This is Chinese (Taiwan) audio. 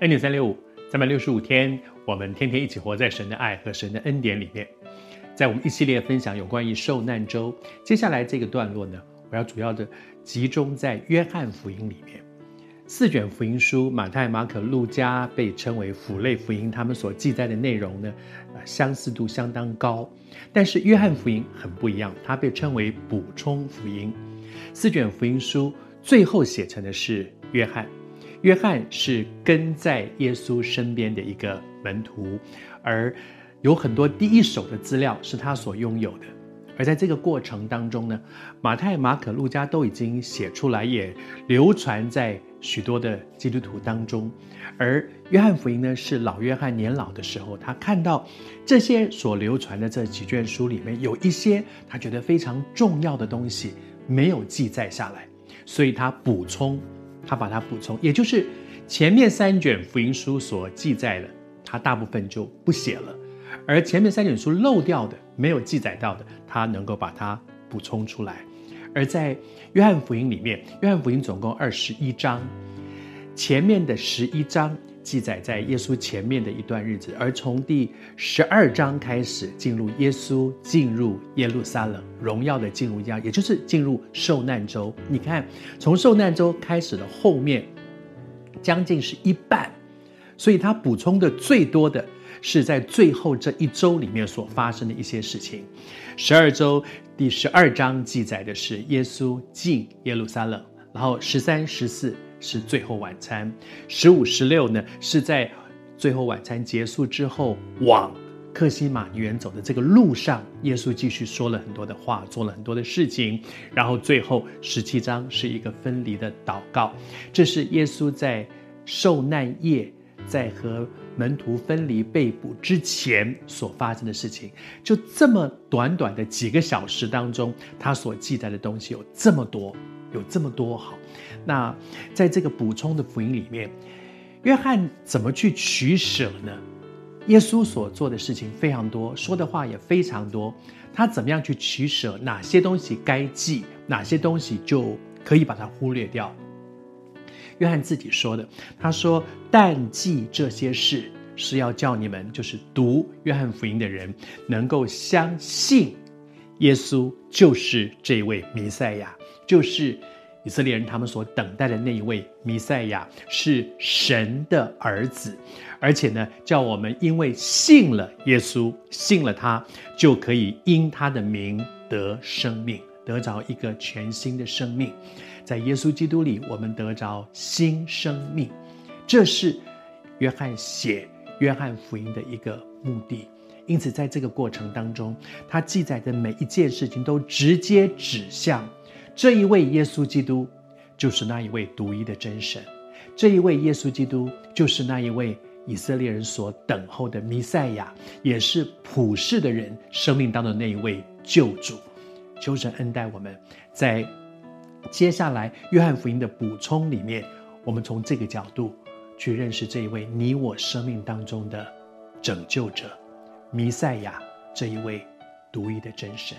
恩典三六五，三百六十五天，我們天天一起活在神的愛和神的恩典裡面。在我們一系列分享有關於受難週，接下來這個段落呢，我要主要的集中在約翰福音裡面。四卷福音書，馬太、馬可、路加被稱為符類福音，他們所記載的內容呢，呃，相似度相當高。但是約翰福音很不一樣，它被稱為補充福音。四卷福音書最後寫成的是約翰。約翰是跟在耶穌身邊的一個門徒，而有很多第一手的資料是他所擁有的。而在這個過程當中呢，馬太、馬可、路加都已經寫出來，也流傳在許多的基督徒當中。而約翰福音呢，是老約翰年老的時候，他看到這些所流傳的這幾卷書裡面有一些他覺得非常重要的東西沒有記載下來，所以他補充。他把它補充，也就是前面三卷福音書所記載的，他大部分就不寫了，而前面三卷書漏掉的沒有記載到的，他能夠把它補充出來。而在約翰福音裡面，約翰福音總共二十一章，前面的十一章。記載在耶穌前面的一段日子，而從第十二章開始進入耶穌進入耶路撒冷榮耀的進入家，也就是進入受難周。你看，從受難周開始的後面將近是一半，所以他補充的最多的是在最後這一周裡面所發生的一些事情。十二周第十二章記載的是耶穌進耶路撒冷，然後十三、十四。是最後晚餐，十五、十六呢？是在最後晚餐結束之後，往客西馬尼園走的這個路上，耶穌繼續說了很多的話，做了很多的事情。然後最後十七章是一個分離的禱告，這是耶穌在受難夜，在和門徒分離被捕之前所發生的事情。就這麼短短的幾個小時當中，他所記載的東西有這麼多。有這麼多。好，那在這個補充的福音裡面，約翰怎麼去取舍呢？耶穌所做的事情非常多，說的話也非常多，他怎麼樣去取舍？哪些東西該記，哪些東西就可以把它忽略掉？約翰自己說的，他說：“但記這些事，是要叫你們，就是讀約翰福音的人，能夠相信。”耶穌就是這位彌賽亞，就是以色列人他們所等待的那一位彌賽亞，是神的兒子，而且呢，叫我們因為信了耶穌，信了他，就可以因他的名得生命，得着一個全新的生命。在耶穌基督裡，我們得着新生命。這是約翰寫《約翰福音》的一個。目的，因此在這個過程當中，他記載的每一件事情都直接指向這一位耶穌基督，就是那一位獨一的真神。這一位耶穌基督就是那一位以色列人所等候的彌賽亞，也是普世的人生命當中的那一位救主。求神恩待我們，在接下來約翰福音的補充裡面，我們從這個角度去認識這一位你我生命當中的。拯救者，彌賽亞這一位獨一的真神。